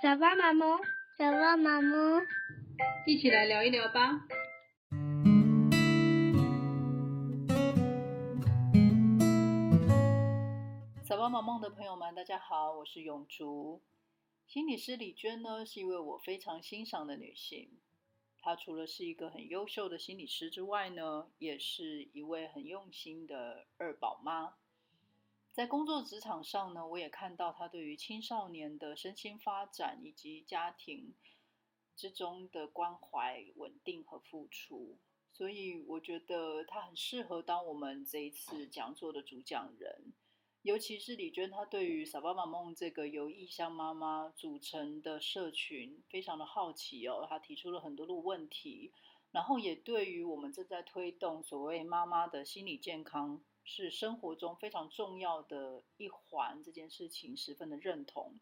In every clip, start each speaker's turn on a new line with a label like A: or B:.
A: 撒哇媽媽！撒哇媽媽！一起來聊一
B: 聊吧。撒哇媽媽的朋友們，大家好，我是永竹。心理師李娟呢，是一位我非常欣賞的女性。她除了是一個很優秀的心理師之外呢，也是一位很用心的二寶媽。在工作職場上呢，我也看到他對於青少年的身心發展以及家庭之中的關懷、穩定和付出，所以我覺得他很適合當我們這一次講座的主講人。尤其是李娟，她對於“撒爸爸夢”這個由異鄉媽媽組成的社群非常的好奇哦，她提出了很多的問題，然後也對於我們正在推動所謂媽媽的心理健康，是生活中非常重要的一環，這件事情十分的認同，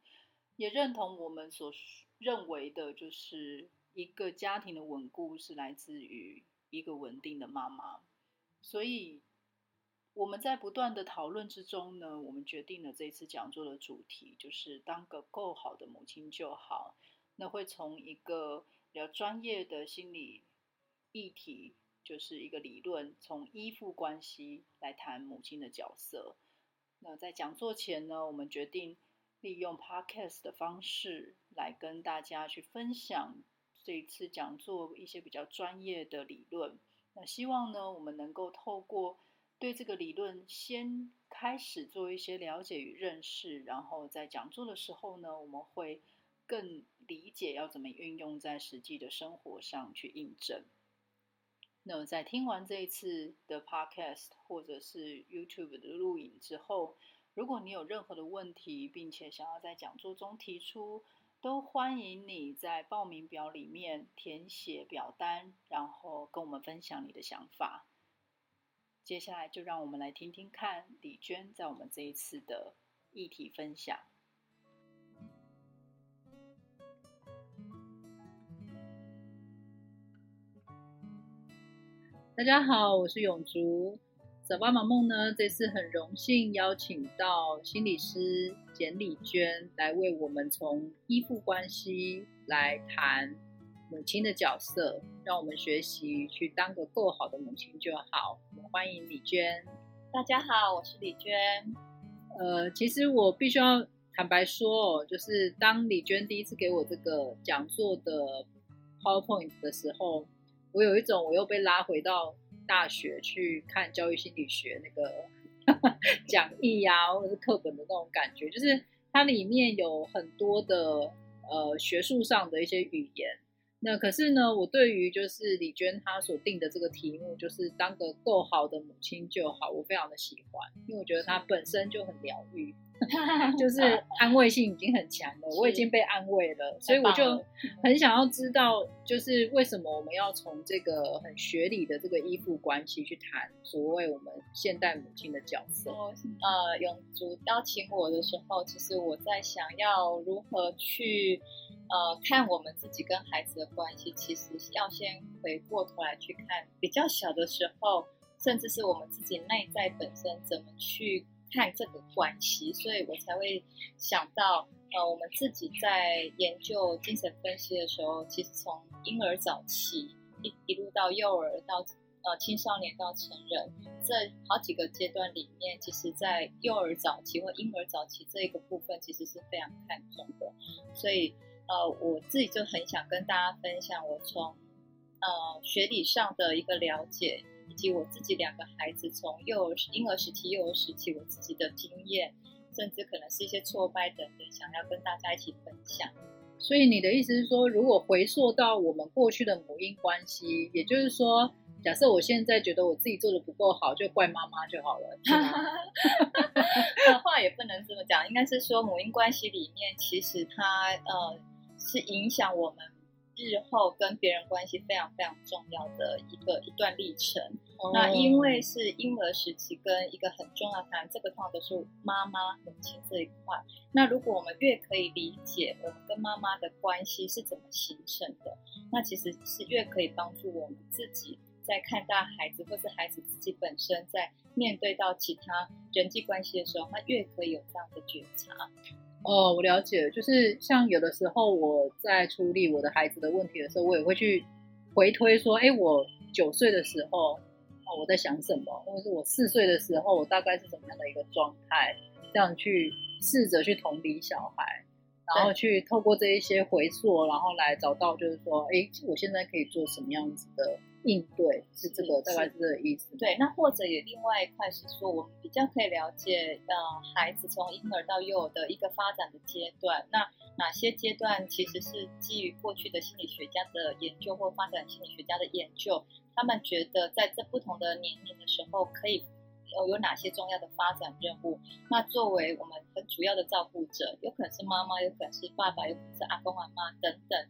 B: 也認同我們所認為的，就是一個家庭的穩固是來自於一個穩定的媽媽。所以我們在不斷的討論之中呢，我們決定了這一次講座的主題就是當個夠好的母親就好。那會從一個比較專業的心理議題。就是一個理論，從依附關係來談母親的角色。那在講座前呢，我們決定利用 podcast 的方式來跟大家去分享這一次講座一些比較專業的理論。那希望呢，我們能夠透過對這個理論先開始做一些了解與認識，然後在講座的時候呢，我們會更理解要怎麼運用在實際的生活上去印證。那我在聽完這一次的 podcast 或者是 YouTube 的錄影之後，如果你有任何的問題，並且想要在講座中提出，都歡迎你在報名表裡面填寫表單，然後跟我們分享你的想法。接下來就讓我們來聽聽看李娟在我們這一次的議題分享。
A: 大家好，我是永竹。早八媽夢呢，這次很榮幸邀請到心理師簡李娟來為我們從依附關係來談母親的角色，讓我們學習去當個夠好的母親就好。我歡迎李娟。大家好，我是李娟。呃，其實我必須要坦白說哦，就是當李娟第一次給我這個講座的 PowerPoint 的時候。我有一種我又被拉回到大學去看教育心理學那個講義呀、啊，或者是課本的那種感覺，就是它裡面有很多的呃學術上的一些語言。那可是呢，我對於就是李娟她所定的這個題目，就是當個夠好的母親就好，我非常的喜歡，因為我覺得她本身就很療癒。 就是安慰性已經很強了，是我已經被安慰了，是所以我就很想要知道，就是為什麼我們要從這個很學理的這個依附關係去談所謂我們現代母親的角色？哦、呃，永竹邀請我的時候，其實我在想要如何去呃看我們自己跟孩子的關係，其實要先回過頭來去看比較小的時候，甚至是我們自己內在本身怎麼去看這個關係，所以我才會想到，呃，我們自己在研究精神分析的時候，其實從嬰兒早期一一路到幼兒到呃青少年到成人，這好幾個階段裡面，其實在幼兒早期或嬰兒早期這一個部分，其實是非常看重的。所以，呃，我自己就很想跟大家分享我從呃學理上的一個了解。以及我自己兩個孩子從幼兒、嬰兒時期、幼兒時期、幼兒時期，我自己的經驗，甚至可能是一些挫敗等等，想要跟大家一起分享。所以你的意思是說，如果回溯到我們過去的母嬰關係，也就是說，假設我現在覺得我自己做得不夠好，就怪媽媽就好了。話也不能這麼講，應該是說母嬰關係裡面，其實它呃是影響我們。日後跟別人關係非常非常重要的一個一段歷程。嗯。那因為是嬰兒時期跟一個很重要的男，這個塊都是媽媽、母親這一塊。那如果我們越可以理解我們跟媽媽的關係是怎麼形成的，那其實是越可以幫助我們自己在看待孩子或是孩子自己本身在面對到其他人際關係的時候，他越可以有這樣的覺察。哦，我了解，就是像有的時候我在處理我的孩子的問題的時候，我也會去回推說，誒，我九歲的時候，哦，我在想什麼，或者是我四歲的時候，我大概是怎麼樣的一個狀態，這樣去試着去同理小孩，然後去透過這一些回溯，然後來找到就是說，誒，我現在可以做什麼樣子的。應對是這個是，大概是，是這個意思。對，那或者也另外一塊是說，我們比較可以了解，呃，孩子從嬰兒到幼兒的一個發展的階段，那哪些階段其實是基於過去的心理學家的研究或發展心理學家的研究，他們覺得在這不同的年齡的時候，可以有有哪些重要的發展任務？那作為我們很主要的照顧者，有可能是媽媽，有可能是爸爸，有可能是阿公阿媽等等。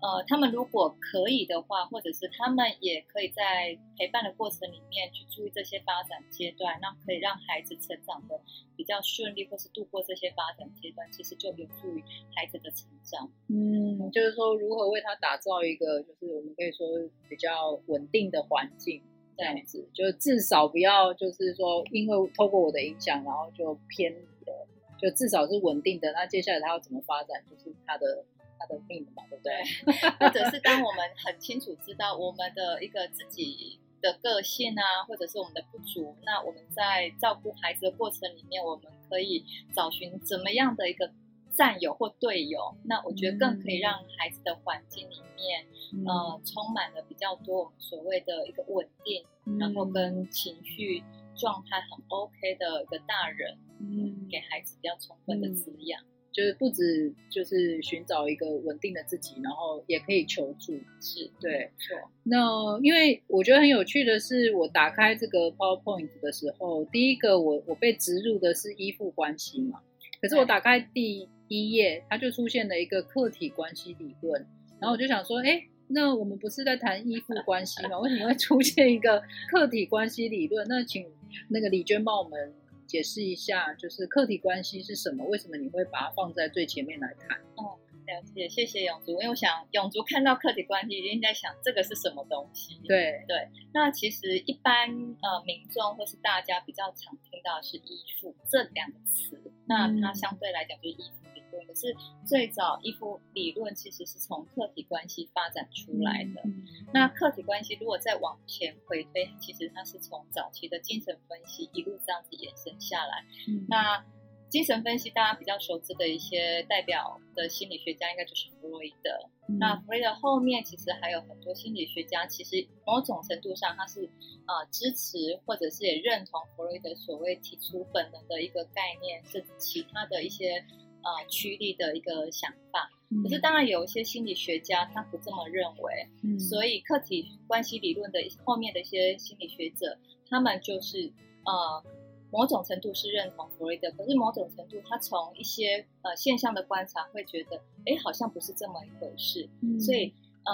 A: 呃，他們如果可以的話，或者是他們也可以在陪伴的過程裡面去注意這些發展階段，那可以讓孩子成長得比較順利，或是度過這些發展階段，其實就有助於孩子的成長。嗯，就是說如何為他打造一個，就是我們可以說比較穩定的環境，對這樣子，就至少不要就是說因為透過我的影響，然後就偏離了，就至少是穩定的。那接下來他要怎麼發展，就是他的。他的命嘛，對不對？ 或者是當我們很清楚知道我們的一個自己的個性啊，或者是我們的不足，那我們在照顧孩子的過程裡面，我們可以找尋怎麼樣的一個戰友或隊友？那我覺得更可以讓孩子的環境裡面，嗯、呃，充滿了比較多我們所謂的一個穩定，嗯、然後跟情緒狀態很 OK 的一個大人，嗯、給孩子比較充分的滋養。就是不止，就是尋找一個穩定的自己，然後也可以求助。是，對，沒錯。那因為我覺得很有趣的是，我打開這個 PowerPoint 的時候，第一個我我被植入的是依附關係嘛。可是我打開第一頁，它就出現了一個客體關係理論。然後我就想說，哎，那我們不是在談依附關係嗎？為什麼會出現一個客體關係理論？那請那個李娟幫我們。解釋一下，就是客體關係是什麼？為什麼你會把它放在最前面來看？嗯、哦，了解，謝謝永竹。因為我想永竹看到客體關係，一定在想這個是什麼東西。對對，那其實一般呃民眾或是大家比較常聽到的是依附這兩個詞，嗯、那它相對來講就是依附，我們是最早依附理論其實是從客體關係發展出來的。嗯、那客體關係如果再往前回推，其實它是從早期的精神分析一路這樣子延伸下來。嗯、那精神分析大家比較熟知的一些代表的心理學家，應該就是弗洛伊德。嗯、那弗洛伊德後面其實還有很多心理學家，其實某種程度上他是啊、呃、支持或者是也認同弗洛伊德所謂提出本能的一個概念，是其他的一些。呃，驅力的一個想法，嗯、可是當然有一些心理學家他不這麼認為，嗯，所以客體關係理論的後面的一些心理學者，他們就是呃某種程度是認同弗雷德，可是某種程度他從一些呃現象的觀察會覺得，哎，好像不是這麼一回事，嗯、所以呃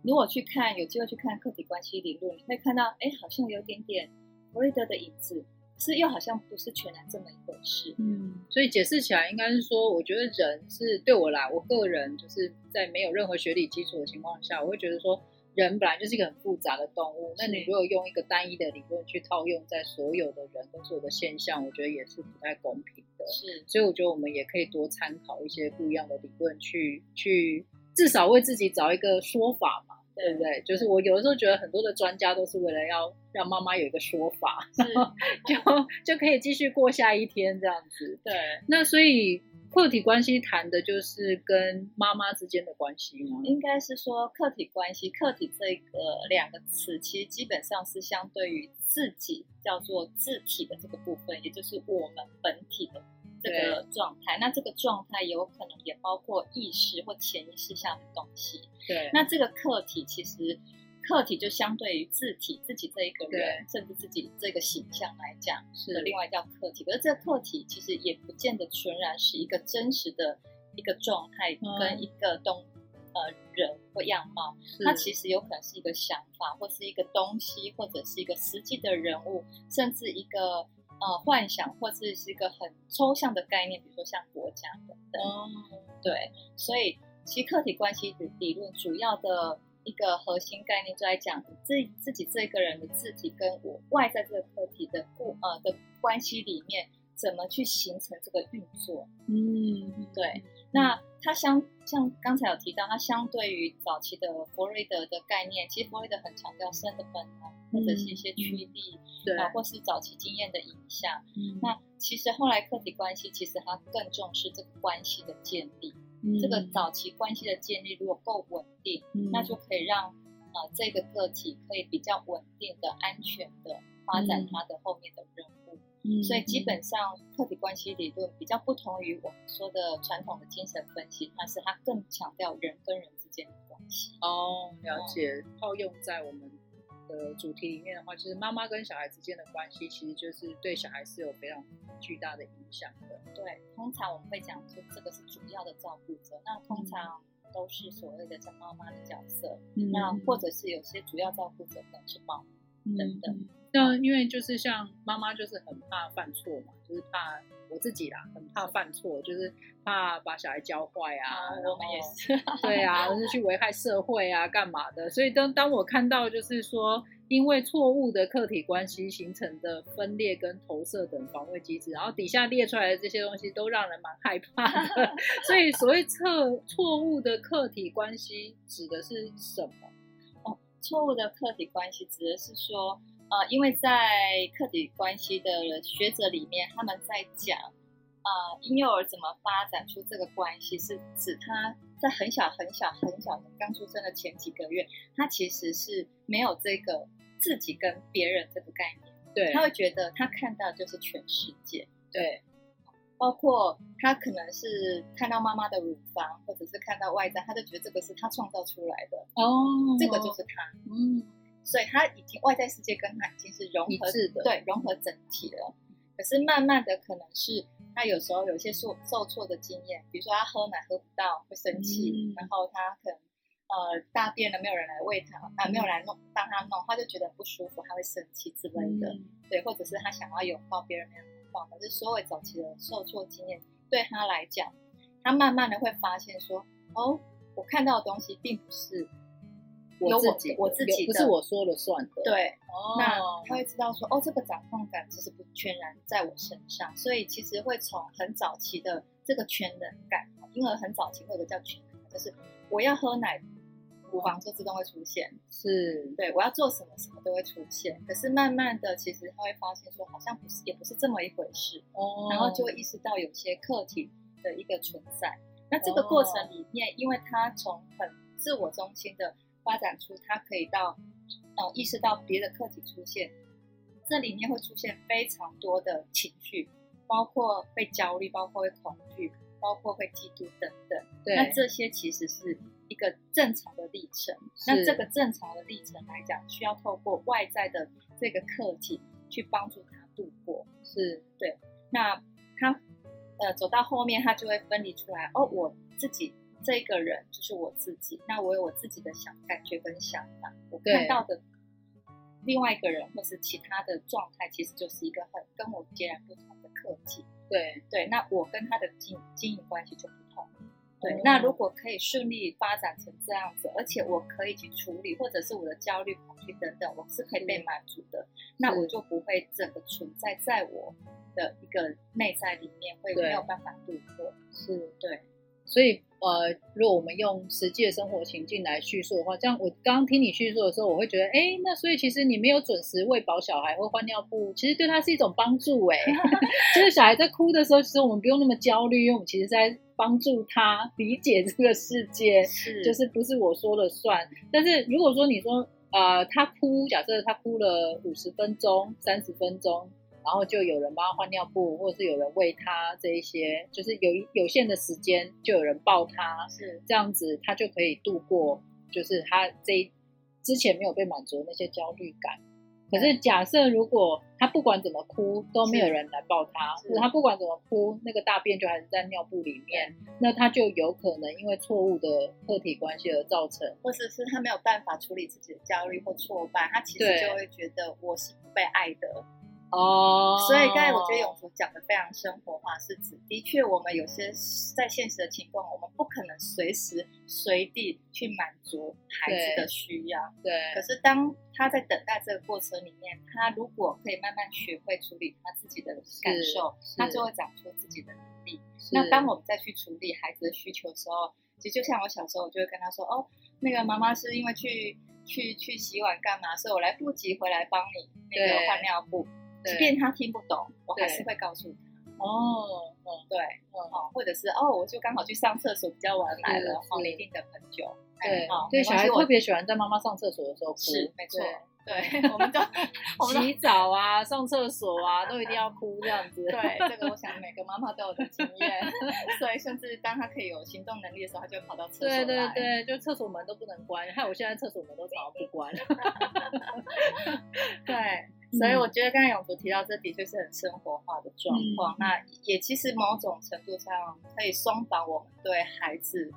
A: 如果去看有機會去看客體關係理論，你會看到，哎，好像有點點弗雷德的影子。是又好像不是全然這麼一回事，嗯，所以解釋起來應該是說，我覺得人是對我來，我個人就是在沒有任何學理基礎的情況下，我會覺得說，人本來就是一個很複雜的動物。那你如果用一個單一的理論去套用在所有的人跟所有的現象，我覺得也是不太公平的。是，所以我覺得我們也可以多參考一些不一樣的理論去去，去至少為自己找一個說法嘛。對不對？就是我有的時候覺得很多的專家都是為了要讓媽媽有一個說法，是然後就就可以繼續過下一天這樣子。對，那所以客體關係談的就是跟媽媽之間的關係嗎？應該是說客體關係，客體這個兩個詞其實基本上是相對於自己叫做自體的這個部分，也就是我們本體的。對這個狀態，那這個狀態有可能也包括意識或潛意識下的東西。對。那這個客體其實，客體就相對於自體自己這一個人，對甚至自己這個形象來講，是另外叫客體。可是這個客體其實也不見得純然是一個真實的一個狀態跟一個東、嗯、呃人或樣貌，它是其實有可能是一個想法，或是一個東西，或者是一個實際的人物，甚至一個。啊、呃，幻想，或者是一個很抽象的概念，比如說像國家等等。哦，對，所以其實客體關係的理論主要的一個核心概念就在講你自，自自己這個人的自體跟我外在這個客體的故呃，的關係裡面，怎麼去形成這個運作。嗯，對。那它相像剛才有提到，它相對於早期的弗瑞德的概念，其實弗瑞德很強調生的本能，嗯、或者是一些，些驅力，嗯啊、對，啊，或是早期經驗的影響。嗯、那其實後來客體關係，其實它更重視這個關係的建立。嗯、這個早期關係的建立如果夠穩定，嗯，那就可以讓啊、呃、這個個體可以比較穩定的安全的發展它的後面的任務。嗯嗯、所以基本上客體關係理論比較不同於我們說的傳統的精神分析，但是它更強調人跟人之間的關係。哦，了解。嗯、套用在我們的主題裡面的話，就是媽媽跟小孩之間的關係，其實就是對小孩是有非常巨大的影響的。對，通常我們會講說這個是主要的照顧者，那通常都是所謂的像媽媽的角色，嗯、那或者是有些主要照顧者可能是保姆等等。嗯嗯嗯、因為就是像媽媽，就是很怕犯錯嘛，就是怕我自己啦，很怕犯錯，就是怕把小孩教壞啊。我們、哦、也是，哦、 對啊，就是去危害社會啊，幹嘛的？所以當當我看到就是說，因為錯誤的客體關係形成的分裂跟投射等防衛機制，然後底下列出來的這些東西都讓人蠻害怕的。所以所謂測錯誤的客體關係指的是什麼？哦，錯誤的客體關係指的是說。呃，因為在客體關係的學者裡面，他們在講，呃，嬰幼兒怎麼發展出這個關係，是指他在很小很小很小剛出生的前幾個月，他其實是沒有這個自己跟別人這個概念，對，他會覺得他看到就是全世界，對，包括他可能是看到媽媽的乳房，或者是看到外在，他就覺得這個是他創造出來的，哦，oh, 這個就是他，嗯。所以他已經外在世界跟他已經是融合的，對，融合整體了。可是慢慢的，可能是他有時候有一些受受挫的經驗，比如說他喝奶喝不到會生氣，嗯、然後他可能呃大便了沒有人來餵他，嗯、啊，沒有人來弄幫他弄，他就覺得很不舒服，他會生氣之類的。嗯、對，或者是他想要擁抱別人沒有擁抱，可是所有早期的受挫經驗對他來講，他慢慢的會發現說，哦，我看到的東西並不是。我自己，我自己不是我說了算的。對，哦、那他會知道說，哦，這個掌控感其實不全然在我身上，所以其實會從很早期的這個全能感，嬰兒很早期會有一個叫全能感，就是我要喝奶，乳房就自動會出現；是、哦，對，我要做什麼，什麼都會出現。可是慢慢的，其實他會發現說，好像不是，也不是這麼一回事。哦，然後就會意識到有些客體的一個存在。那這個過程裡面，哦、因為他從很自我中心的。發展出他可以到，呃，意識到別的客體出現，這裡面會出現非常多的情緒，包括被焦慮，包括會恐懼，包括會嫉妒等等。對，那這些其實是一個正常的歷程。是那這個正常的歷程來講，需要透過外在的這個客體去幫助他度過。是，對。那他，呃，走到後面，他就會分離出來。哦，我自己。這一個人就是我自己，那我有我自己的想、感覺跟想法。對我看到的另外一個人或是其他的狀態，其實就是一個很跟我截然不同的客體。對對，那我跟他的經營經營關係就不同。對，哦、那如果可以順利發展成這樣子，而且我可以去處理，或者是我的焦慮恐懼等等，我是可以被滿足的。嗯、那我就不會整個存在在我的一個內在裡面，會沒有辦法度過。是，對，所以。呃，如果我們用實際的生活情境來敘述的話，這樣我剛剛聽你敘述的時候，我會覺得，哎，那所以其實你沒有準時餵飽小孩或換尿布，其實對他是一種幫助，哎， 就是小孩在哭的時候，其實我們不用那麼焦慮，因為我們其實在幫助他理解這個世界，是，就是不是我說了算。但是如果說你說，呃，他哭，假設他哭了五十分鐘、三十分鐘。然後就有人幫他換尿布，或者是有人餵他，這一些就是有有限的時間，就有人抱他，是這樣子，他就可以度過，就是他這之前沒有被滿足的那些焦慮感。可是假設如果他不管怎麼哭都沒有人來抱他，是是是他不管怎麼哭，那個大便就還是在尿布裡面，那他就有可能因為錯誤的客體關係而造成，或者是他沒有辦法處理自己的焦慮或挫敗，他其實就會覺得我是不被愛的。哦，oh, 所以剛才我覺得永福講的非常生活化，是指的，的確我們有些在現實的情況，我們不可能隨時隨地去滿足孩子的需要。對。對，可是當他在等待這個過程裡面，他如果可以慢慢學會處理他自己的感受，他就會長出自己的能力。是那當我們再去處理孩子的需求的時候，其實就像我小時候，我就會跟他說：“哦，那個媽媽是因為去去去洗碗幹嘛，所以我來不及回來幫你那個換尿布。”即便他聽不懂，我還是會告訴他。哦，對，哦，或者是哦，我就剛好去上廁所，比較晚來了，然後一定等很久。
B: 對，對，小孩特別
A: 喜歡在媽媽上廁所的時候哭，是，沒
B: 錯。對，我們就洗澡 啊、上廁所啊， 都一定要哭這樣子。對，這個我想
A: 每個媽媽都有的經驗。 所以，甚至當她可以有行動能力的時候，她就會跑到廁所來。對對對，就廁所門都不能關，還有我現在廁所門都早不關。對，嗯、所以我覺得剛才永福提到這的確是很生活化的狀況。嗯、那也其實某種程度上可以鬆綁我們對孩子。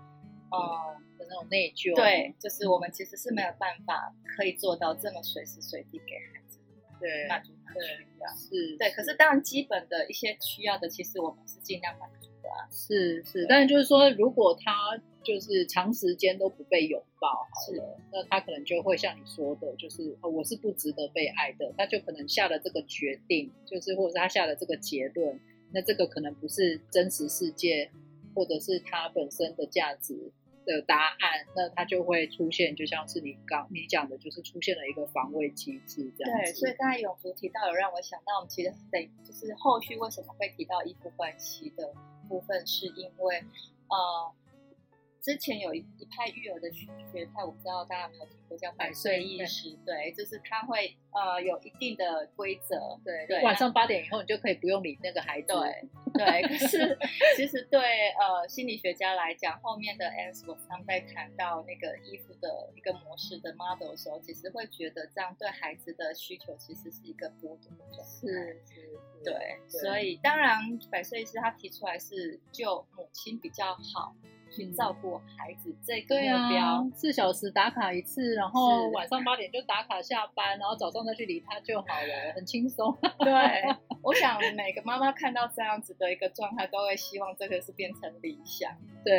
A: 哦，嗯嗯、的那種內疚，對，就是我們其實是沒有辦法可以做到這麼隨時隨地給孩子對滿足他的需要，是，對，可是當然基本的一些需要的，其實我們是盡量滿足的啊，是是，對但是就是說，如果他就是長時間都不被擁抱好了，是那他可能就會像你說的，就是、哦、我是不值得被愛的，他就可能下了這個決定，就是或者是他下了這個結論，那這個可能不是真實世界，或者是他本身的價值。的答案，那它就會出現，就像是你剛你講的，的就是出現了一個防衛機制這樣子。對，所以剛才永福提到有讓我想到，我們其實等就是後續為什麼會提到依附關係的部分，是因為、嗯、呃。之前有一一派育兒的學派，我不知道大家有沒有聽過，叫百歲醫師。對，就是他會呃有一定的規則。對，對。晚上八點以後你就可以不用理那個孩子。對，可是 其實對呃心理學家來講，後面的 Ainsworth 他們在談到那個衣服的一個模式的 model 的時候，其實會覺得這樣對孩子的需求其實是一個波動的狀態。是是，對。對對，所以當然，百歲醫師他提出來是就母親比較好。去照顧孩子這個目標，嗯啊，四小時打卡一次，然後晚上八點就打卡下班，然後早上再去理他就好了，來來來，很輕鬆。對， 我想每個媽媽看到這樣子的一個狀態，都會希望這個是變成理想。對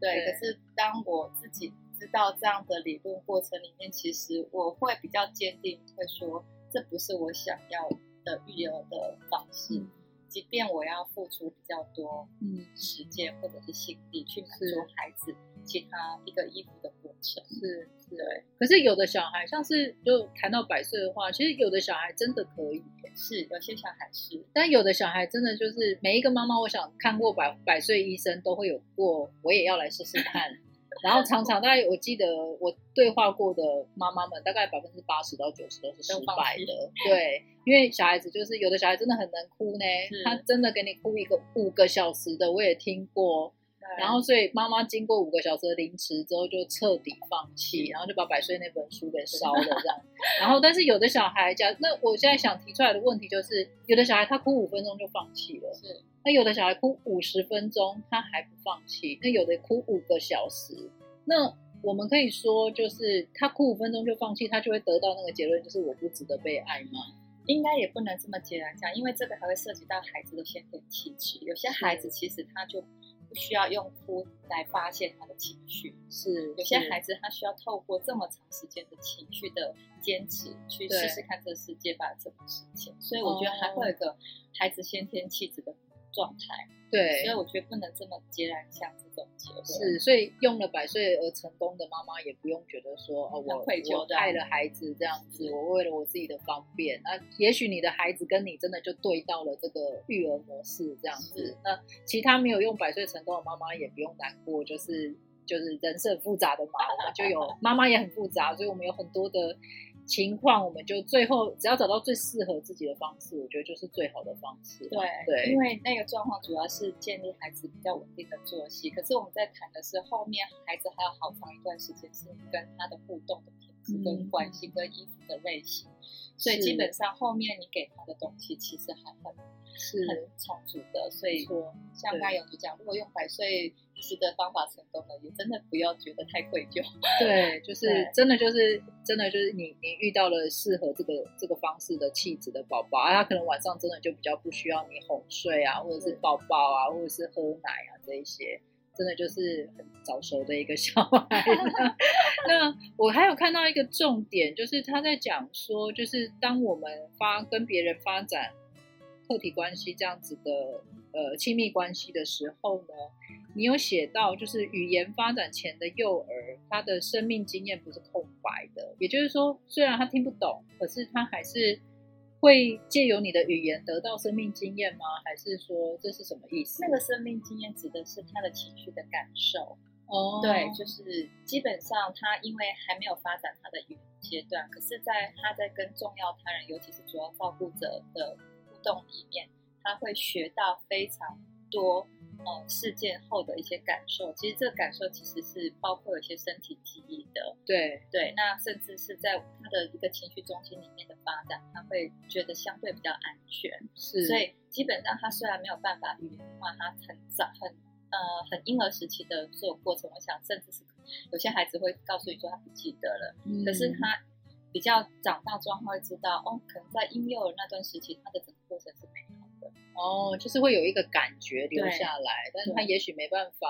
A: 對，對對，可是當我自己知道這樣的理論過程裡面，其實我會比較堅定，會說這不是我想要的育兒的方式。嗯即便我要付出比較多嗯時間或者是心力去滿足孩子是其他一個衣服的過程，是是，是對可是有的小孩像是就談到百歲的話，其實有的小孩真的可以，是有些小孩是，但有的小孩真的就是每一個媽媽，我想看過百百歲醫生都會有過，我也要來試試看。嗯然後常常大概我記得我對話過的媽媽們，大概百分之八十到九十都是失敗的。對，因為小孩子就是有的小孩真的很能哭呢，他真的給你哭一個五個小時的，我也聽過。然後所以媽媽經過五個小時的凌遲之後就徹底放棄，然後就把《百歲》那本書給燒了這樣。然後但是有的小孩假，那我現在想提出來的問題就是，有的小孩他哭五分鐘就放棄了，是。是。是那有的小孩哭五十分鐘，他還不放棄；那有的哭五個小時，那我們可以說，就是他哭五分鐘就放棄，他就會得到那個結論，就是我不值得被愛嗎？應該也不能這麼簡單講，因為這個還會涉及到孩子的先天氣質。有些孩子其實他就不需要用哭來發洩他的情緒，是有些孩子他需要透過這麼長時間的情緒的堅持去試試看這個世界吧，對這種事情。所以我覺得還會有一個孩子先天氣質的。狀態。對，所以我覺得不能這麼截然像這種結論。是，對所以用了百歲而成功的媽媽也不用覺得說哦、嗯，我我害了孩子這樣子，是我為了我自己的方便，那也許你的孩子跟你真的就對到了這個育兒模式這樣子。是那其他沒有用百歲成功的媽媽也不用難過，就是就是人生很複雜的嘛， 我就有媽媽也很複雜，所以我們有很多的情況，我們就最後只要找到最適合自己的方式，我覺得就是最好的方式。對，對，因為那個狀況主要是建立孩子比較穩定的作息。可是我們在談的是後面孩子還有好長一段時間是你跟他的互動的品質跟關係跟衣服的類型，嗯、所以基本上後面你給他的東西其實還很是很充足的。是所以說像剛才有就講，對如果用百歲。的方法成功了，也真的不要覺得太愧疚。對，就是真的，就是對真的，就是你你遇到了適合這個這個方式的氣質的寶寶啊，他可能晚上真的就比較不需要你哄睡啊，或者是抱抱啊，或者是喝奶啊，這一些真的就是很早熟的一個小孩。 那我還有看到一個重點，就是他在講說，就是當我們發跟別人發展。客體關係這樣子的呃親密關係的時候呢，你有寫到就是語言發展前的幼兒，他的生命經驗不是空白的。也就是說，雖然他聽不懂，可是他還是會借由你的語言得到生命經驗嗎？還是說這是什麼意思？那個生命經驗指的是他的情緒的感受。哦，對，就是基本上他因為還沒有發展他的語言階段，可是，在他在跟重要他人，尤其是主要照顧者的、嗯。動裡面，他會學到非常多呃事件後的一些感受，其實這個感受其實是包括有一些身體記憶的。對對，那甚至是在他的一個情緒中心裡面的發展，他會覺得相對比較安全。是，所以基本上他雖然沒有辦法語言化，他很早很呃很嬰兒時期的所有過程，我想甚至是有些孩子會告訴你說他不記得了，嗯、可是他比較長大之後他會知道，哦，可能在嬰幼兒那段時期他的。哦，就是會有一個感覺留下來，對但是他也許沒辦法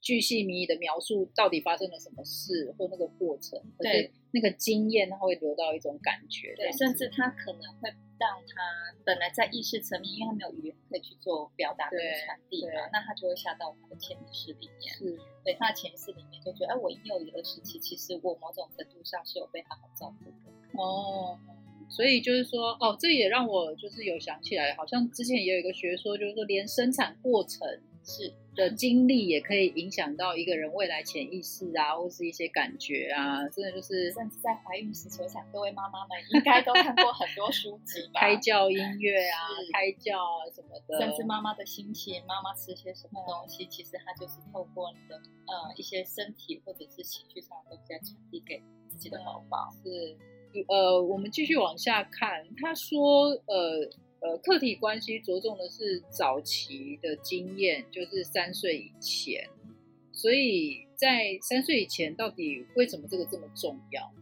A: 巨細靡遺的描述到底發生了什麼事，或那個過程，或者對那個經驗，他會留到一種感覺。對，甚至他可能會讓他本來在意識層面，因為他沒有語言可以去做表達跟傳遞嘛，那他就會下到他的潛意識裡面。是，對，他的潛意識裡面就覺得，哎、啊，我一定有一個時期，其實我某種程度上是有被他好照顧的。哦。所以就是說，哦，這也讓我就是有想起來，好像之前也有一個學說，就是說，連生產過程是的經歷也可以影響到一個人未來潛意識啊，或者是一些感覺啊，真的就是。甚至在懷孕時，我想各位媽媽們應該都看過很多書籍吧，胎教音樂啊，胎是教啊什麼的，甚至媽媽的心情、媽媽吃些什麼東西，其實它就是透過你的呃一些身體或者是情緒上都在傳遞給自己的寶寶，嗯、是。呃，我們繼續往下看，他說，呃呃，客體關係着重的是早期的經驗，就是三歲以前。所以在三歲以前，到底為什麼這個這麼重要？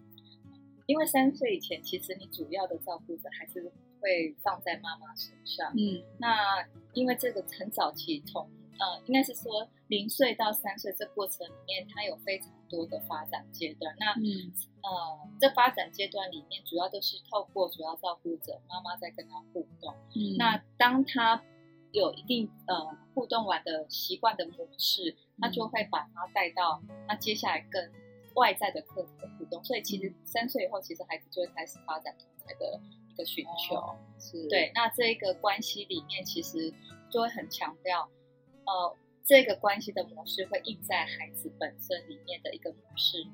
A: 因為三歲以前，其實你主要的照顧者還是會放在媽媽身上。嗯，那因為這個很早期，從呃，應該是說零歲到三歲這過程裡面，他有非常。多的發展階段，那、嗯、呃，這發展階段裡面主要都是透過主要照顧者媽媽在跟他互動。嗯、那當他有一定呃互動完的習慣的模式，他就會把他帶到他、嗯、接下來跟外在的客的互動。所以其實三歲以後，其實孩子就會開始發展同儕的一個需求、哦。是。對，那這個關係裡面其實就會很強調，呃。這個關係的模式會印在孩子本身裡面的一個模式，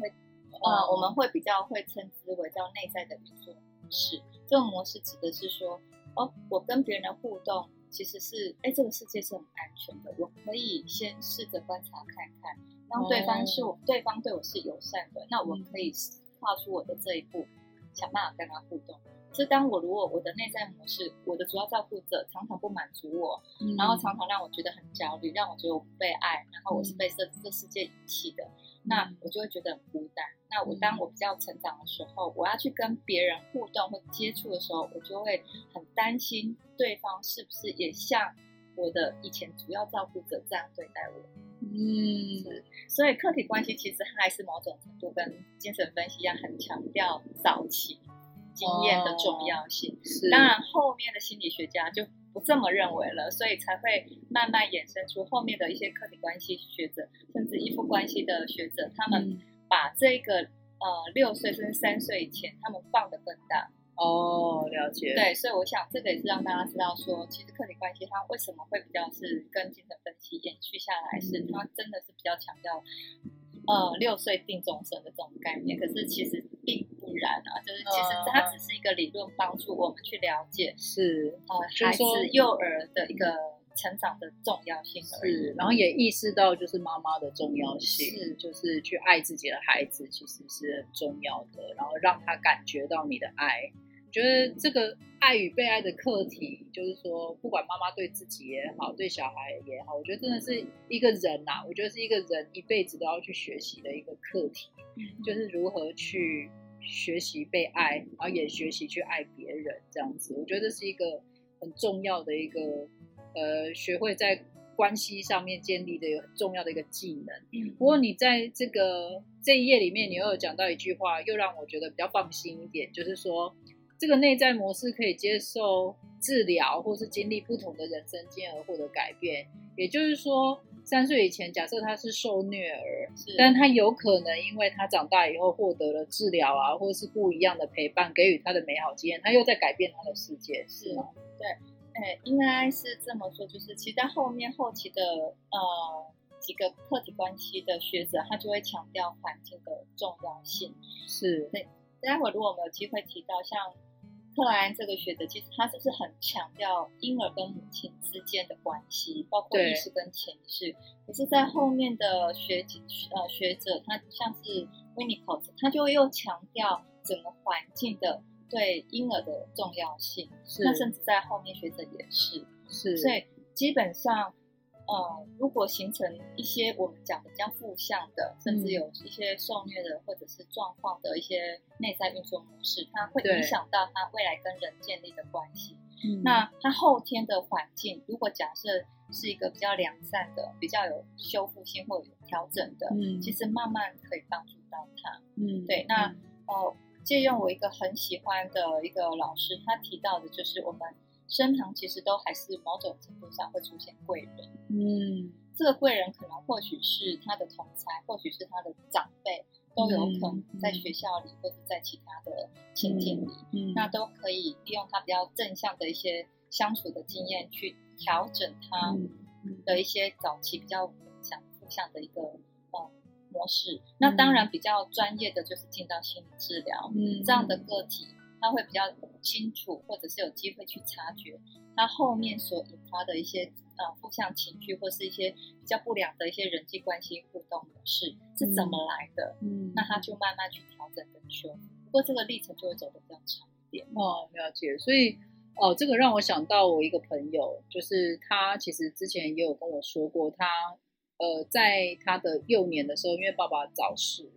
A: 會，嗯、呃，我們會比較會稱之為叫內在的運作模式。這種模式指的是說，哦，我跟別人的互動其實是，哎，這個世界是很安全的，我可以先試着觀察看看，當對方是我，嗯、對方對我是友善的，那我可以跨出我的這一步，嗯、想辦法跟他互動。是當我如果我的內在模式，我的主要照顧者常常不滿足我，嗯、然後常常讓我覺得很焦慮，讓我覺得我不被愛，然後我是被這這世界遺棄的，嗯、那我就會覺得很孤單。那我當我比較成長的時候，嗯、我要去跟別人互動或接觸的時候，我就會很擔心對方是不是也像我的以前主要照顧者這樣對待我。嗯，所以客體關係其實它還是某種程度跟精神分析一樣，很強調早期。經驗的重要性，當、哦、是、然後面的心理學家就不這麼認為了，所以才會慢慢衍生出後面的一些客體關係學者，甚至依附關係的學者，他們把這個呃六歲甚至三歲以前他們放得更大。哦，了解。對，所以我想這個也是讓大家知道說，其實客體關係它為什麼會比較是跟精神分析延續下來，是它真的是比較強調呃六歲定終身的這種概念，可是其實並然啊，就是其實它只是一個理論，幫助我們去了解是啊，孩子，就是幼兒的一個成長的重要性而已是，然後也意識到就是媽媽的重要性，是就是去愛自己的孩子，其實是很重要的，然後讓他感覺到你的愛。覺得這個愛與被愛的課題，就是說不管媽媽對自己也好，嗯、對小孩也好，我覺得真的是一個人啊，我覺得是一個人一輩子都要去學習的一個課題，就是如何去。學習被愛，然後也學習去愛別人，這樣子，我覺得這是一個很重要的一個，呃，學會在關係上面建立的一個很重要的一個技能。嗯，不過你在這個這一頁裡面，你又有講到一句話，又讓我覺得比較放心一點，就是說。這個內在模式可以接受治療，或是經歷不同的人生經驗而獲得改變。也就是說，三歲以前，假設他是受虐兒，是但他有可能因為他長大以後獲得了治療啊，或是不一樣的陪伴，給予他的美好經驗，他又在改變他的世界。是，是對，應該是這麼說，就是其實在後面後期的呃幾個客體關係的學者，他就會強調環境的重要性。是，那待會如果我們有機會提到像，克萊因這個學者，其實他就是，是很強調嬰兒跟母親之間的關係，包括意識跟潛意識。可對是，在後面的學呃學者，他像是溫尼考特，他就又強調整個環境的對嬰兒的重要性。是那甚至在後面學者也是，是，所以基本上。呃，如果形成一些我們講比較負向的，甚至有一些受虐的或者是狀況的一些內在運作模式，它會影響到他未來跟人建立的關係。嗯，那他後天的環境，如果假設是一個比較良善的、比較有修復性或有調整的，嗯，其實慢慢可以幫助到他。嗯，對。那，嗯，呃，借用我一個很喜歡的一個老師，他提到的就是我們。身旁其實都還是某種程度上會出現貴人，嗯，這個貴人可能或許是他的同儕，或許是他的長輩，都有可能在學校裡、嗯嗯、或者在其他的情境裡，嗯嗯、那都可以利用他比較正向的一些相處的經驗去調整他的一些早期比較想負向的一個呃模式。嗯、那當然比較專業的就是進到心理治療，嗯，這樣的個體。他會比較清楚，或者是有機會去察覺他後面所引發的一些呃負向情緒，或是一些比較不良的一些人際關係互動模式是怎麼來的。嗯，那他就慢慢去調整跟修，不過這個歷程就會走的比較長一點。哦，了解。所以，哦、呃，這個讓我想到我一個朋友，就是他其實之前也有跟我說過他，他呃在他的幼年的時候，因為爸爸早逝，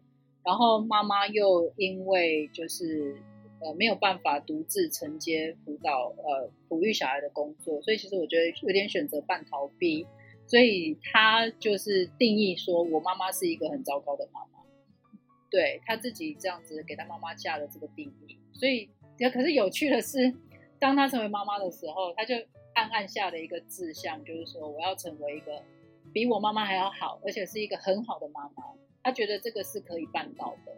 A: 然後媽媽又因為就是。呃，沒有辦法獨自承接輔導呃，撫育小孩的工作，所以其實我覺得有點選擇半逃避。所以他就是定義說，我媽媽是一個很糟糕的媽媽，對，他自己這樣子給他媽媽下了這個定義。所以，可是有趣的是，當他成為媽媽的時候，他就暗暗下了一個志向，就是說我要成為一個比我媽媽還要好，而且是一個很好的媽媽。他覺得這個是可以辦到的。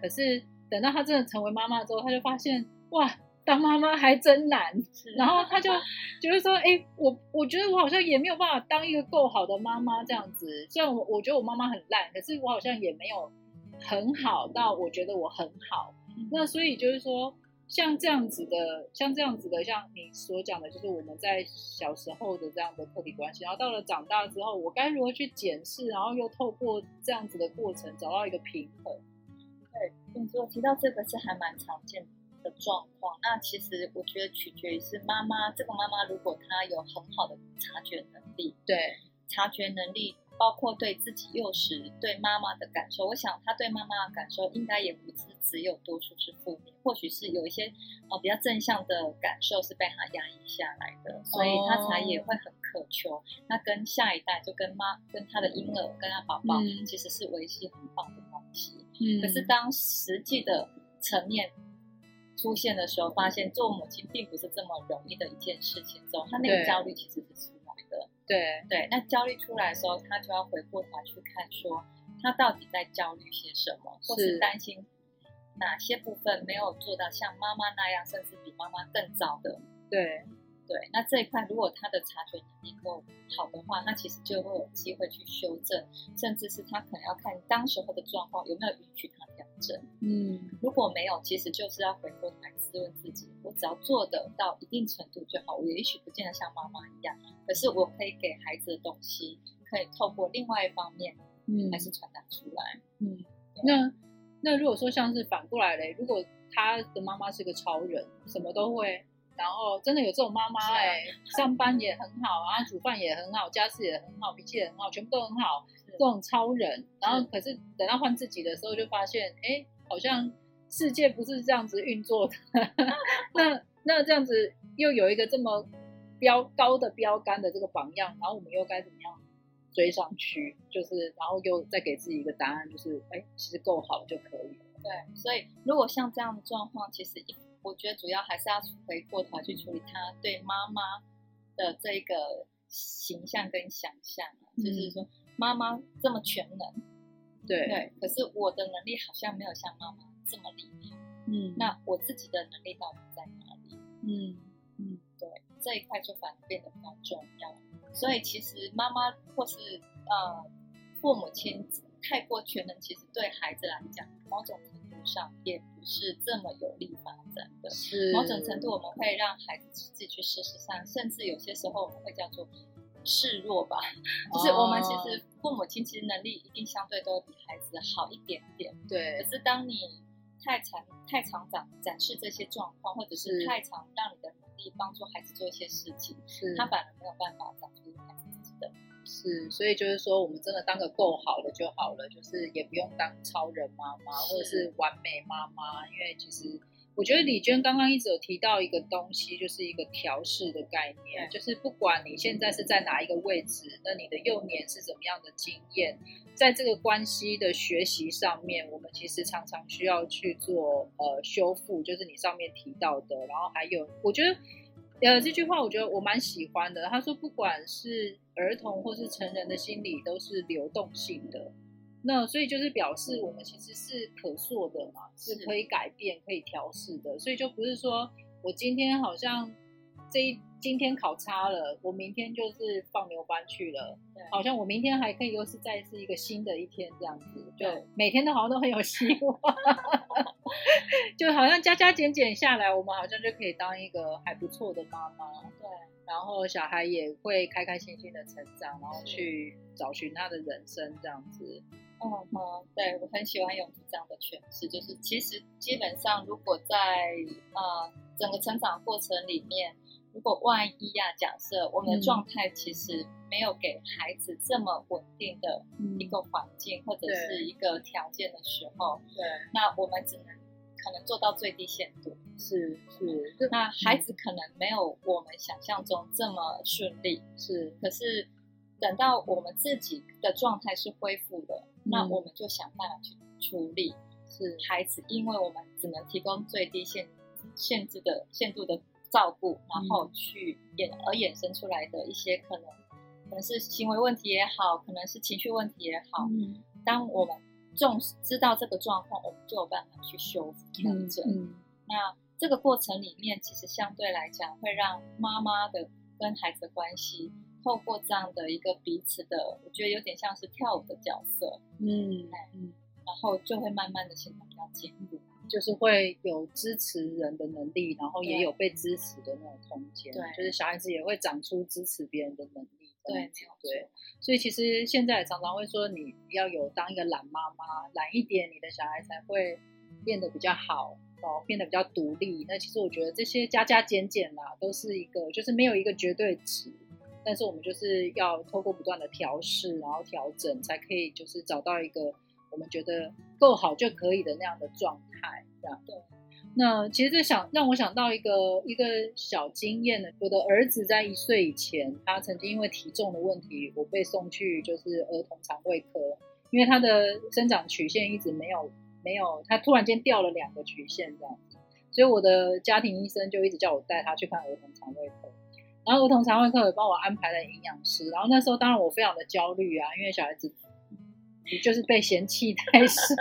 A: 可是。等到她真的成為媽媽之後，她就發現哇，當媽媽還真難。然後她就覺得說，哎、欸，我我覺得我好像也沒有辦法當一個夠好的媽媽這樣子。雖然我我覺得我媽媽很爛，可是我好像也沒有很好到我覺得我很好。那所以就是說，像這樣子的，像這樣子的，像你所講的，就是我們在小時候的這樣的客體關係，然後到了長大之後，我該如何去檢視，然後又透過這樣子的過程找到一個平衡。對，所以我、嗯、提到這個是還蠻常見的狀況。那其實我覺得取決於是媽媽，這個媽媽如果她有很好的察覺能力，對，察覺能力包括對自己幼時對媽媽的感受。我想她對媽媽的感受應該也不是只，只有多數是負面，或許是有一些、呃、比較正向的感受是被她壓抑下來的，所以她才也會很渴求，那跟下一代就跟媽跟她的嬰兒、嗯、跟她寶寶其實是維繫很棒的關係。嗯，可是當實際的層面出現的時候，發現做母親並不是這麼容易的一件事情，之後他那個焦慮其實是出來的。對對，那焦慮出來的時候，他就要回過頭去看，說他到底在焦慮些什麼，或是擔心哪些部分沒有做到像媽媽那樣，甚至比媽媽更糟的。對。對，那這一塊如果他的察覺能力夠好的話，那其實就會有機會去修正，甚至是他可能要看當時候的狀況有沒有允許他調整。嗯，如果沒有，其實就是要回過頭來自問自己，我只要做得到一定程度就好。我也許不見得像媽媽一樣，可是我可以給孩子的東西，可以透過另外一方面還是傳達出來。嗯，對那那如果說像是反過來嘞，如果他的媽媽是個超人，什麼都會。然後真的有這種媽媽哎，上班也很好，然後煮飯也很好，家事也很好，脾氣也很好，全部都很好，這種超人。然後可是等到換自己的時候，就發現哎，好像世界不是這樣子運作的。那那這樣子又有一個這麼標高的標杆的這個榜樣，然後我們又該怎麼樣追上去？就是然後又再給自己一個答案，就是哎，其實夠好就可以了。對，所以如果像這樣的狀況，其實。我覺得主要還是要回過頭去處理他對媽媽的這個形象跟想象，啊，就是說媽媽這麼全能，嗯，對，對，可是我的能力好像沒有像媽媽這麼厲害，嗯，那我自己的能力到底在哪裡？嗯嗯，嗯，對，這一塊就反而變得比較重要。所以其實媽媽或是呃父母親太過全能，其實對孩子來講，某種上也不是這麼有利發展的，某種程度我們會讓孩子自己去試試看，甚至有些時候我們會叫做示弱吧，就是我們其實父母親其實能力一定相對都比孩子好一點點，對。可是當你太常太常展展示這些狀況，或者是太常讓你的能力幫助孩子做一些事情，是他反而沒有辦法長出孩子自己的。是，所以就是說，我們真的當個夠好的就好了，就是也不用當超人媽媽是或者是完美媽媽，因為其實我覺得李娟剛剛一直有提到一個東西，就是一個調適的概念，嗯、就是不管你現在是在哪一個位置，嗯、那你的幼年是怎麼樣的經驗，在這個關係的學習上面，我們其實常常需要去做呃修復，就是你上面提到的，然後還有，我覺得呃這句話我覺得我蠻喜歡的，他說不管是。兒童或是成人的心理都是流動性的，那所以就是表示我們其實是可塑的嘛，是,是可以改變、可以調試的。所以就不是說我今天好像這一今天考差了，我明天就是放牛班去了，對好像我明天還可以又是再是一個新的一天這樣子，對就每天都好像都很有希望， 就好像加加減減下來，我們好像就可以當一個還不錯的媽媽。對。然後小孩也會開開心心的成長，然後去找尋他的人生這樣子。嗯，嗯，對，我很喜歡永琪這樣的詮釋，就是其實基本上如果在呃整個成長過程裡面，如果萬一呀、啊，假設我們的狀態其實沒有給孩子這麼穩定的一個環境、嗯、或者是一個條件的時候，對，那我們只能可能做到最低限度。是是，那孩子可能沒有我們想象中這麼順利，是。可是等到我們自己的狀態是恢復的，嗯、那我們就想辦法去處理。是孩子，因為我們只能提供最低限限制的限度的照顧，嗯、然後去衍而衍生出來的一些可能，可能是行為問題也好，可能是情緒問題也好。嗯、當我們重視知道這個狀況，我們就有辦法去修復調整。那。這個過程裡面，其實相對來講，會讓媽媽的跟孩子的關係透過這樣的一個彼此的，我覺得有點像是跳舞的角色，嗯，嗯，然後就會慢慢的形成比較堅固，就是會有支持人的能力，然後也有被支持的那種空間，對，就是小孩子也會長出支持別人的能力，對，對，對，所以其實現在常常會說，你要有當一個懶媽媽，懶一點，你的小孩才會變得比較好。哦，變得比較獨立。那其實我覺得這些加加減減啦，都是一個，就是沒有一個絕對值。但是我們就是要透過不斷的調試，然後調整，才可以就是找到一個我們覺得夠好就可以的那樣的狀態，這樣子。那其實這想讓我想到一個一個小經驗呢。我的兒子在一歲以前，他曾經因為體重的問題，我被送去就是兒童腸胃科，因為他的生長曲線一直沒有。沒有，他突然間掉了兩個曲線這樣子，所以我的家庭醫生就一直叫我帶他去看兒童腸胃科，然後兒童腸胃科也幫我安排了營養師，然後那時候當然我非常的焦慮啊，因為小孩子。就是被嫌棄太瘦，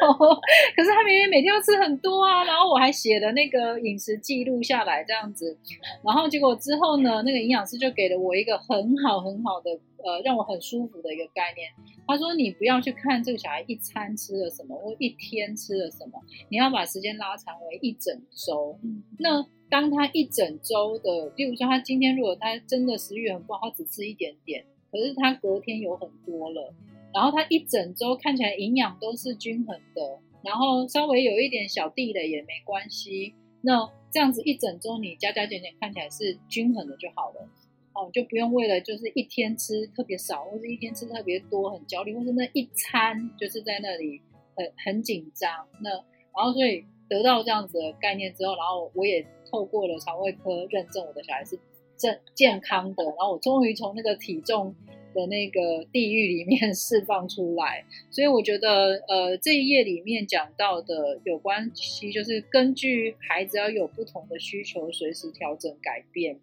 A: 可是他明明每天要吃很多啊。然後我還寫了那個飲食記錄下來這樣子，然後結果之後呢，那個營養師就給了我一個很好很好的呃，讓我很舒服的一個概念。他說：“你不要去看這個小孩一餐吃了什麼，或一天吃了什麼，你要把時間拉長為一整周。那當他一整周的，例如說他今天如果他真的食欲很不好，只吃一點點，可是他隔天有很多了。”然後他一整周看起來營養都是均衡的，然後稍微有一點小地雷也沒關係。那這樣子一整周你加加減減看起來是均衡的就好了。哦，就不用為了就是一天吃特別少，或者一天吃特別多很焦慮，或者那一餐就是在那裡很很緊張。那然後所以得到這樣子的概念之後，然後我也透過了腸胃科認證，我的小孩是健健康的。然後我終於從那個體重的那個地獄裡面釋放出來，所以我覺得，呃，這一頁裡面講到的有關係，就是根據孩子要有不同的需求，隨時調整改變，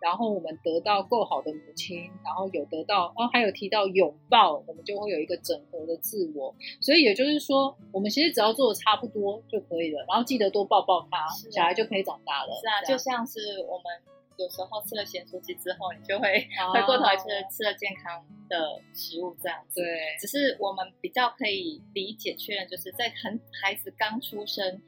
A: 然後我們得到夠好的母親，然後有得到，哦，還有提到擁抱，我們就會有一個整合的自我。所以也就是說，我們其實只要做的差不多就可以了，然後記得多抱抱他，啊、小孩就可以長大了。是啊，是啊，就像是我們。有時候吃了鹹酥雞之後，你就會、oh. 回過頭去吃，吃了健康的食物，這樣子。對，只是我們比較可以理解，確認就是在很孩子剛出生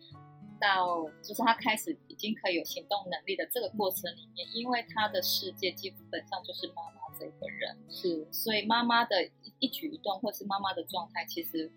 A: 到，就是他開始已經可以有行動能力的這個過程裡面，因為他的世界基本上就是媽媽這個人，是，所以媽媽的一舉一動或是媽媽的狀態，其實，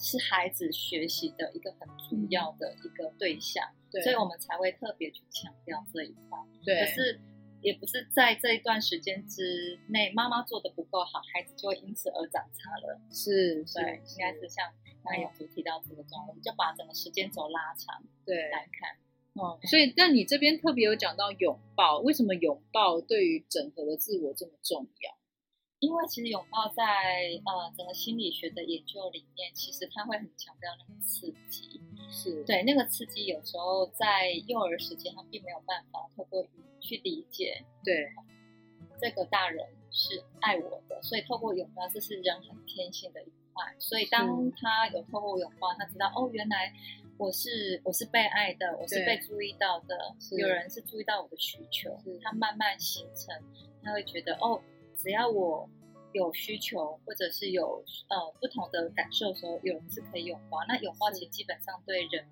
A: 是孩子學習的一個很主要的一個對象，嗯、對，所以我們才會特別去強調這一塊。對，可是也不是在這一段時間之內，媽媽做得不夠好，孩子就會因此而長差了是。是，所以對是應該是像剛才有提到，這個狀況，我們就把整個時間軸拉長，對來看。嗯，所以，那你這邊特別有講到擁抱，為什麼擁抱對於整合的自我這麼重要？因為其實擁抱在呃整個心理學的研究裡面，其實他會很強調那個刺激，是對那個刺激，有時候在幼兒時間他並沒有辦法透過語去理解，對、嗯、這個大人是愛我的，所以透過擁抱，這是人很天性的一塊，是所以當他有透過擁抱，他知道哦，原來我是我是被愛的，我是被注意到的，對有人是注意到我的需求，是是他慢慢形成，他會覺得哦。只要我有需求，或者是有呃不同的感受的時候，有人是可以擁抱。那擁抱其實基本上對人，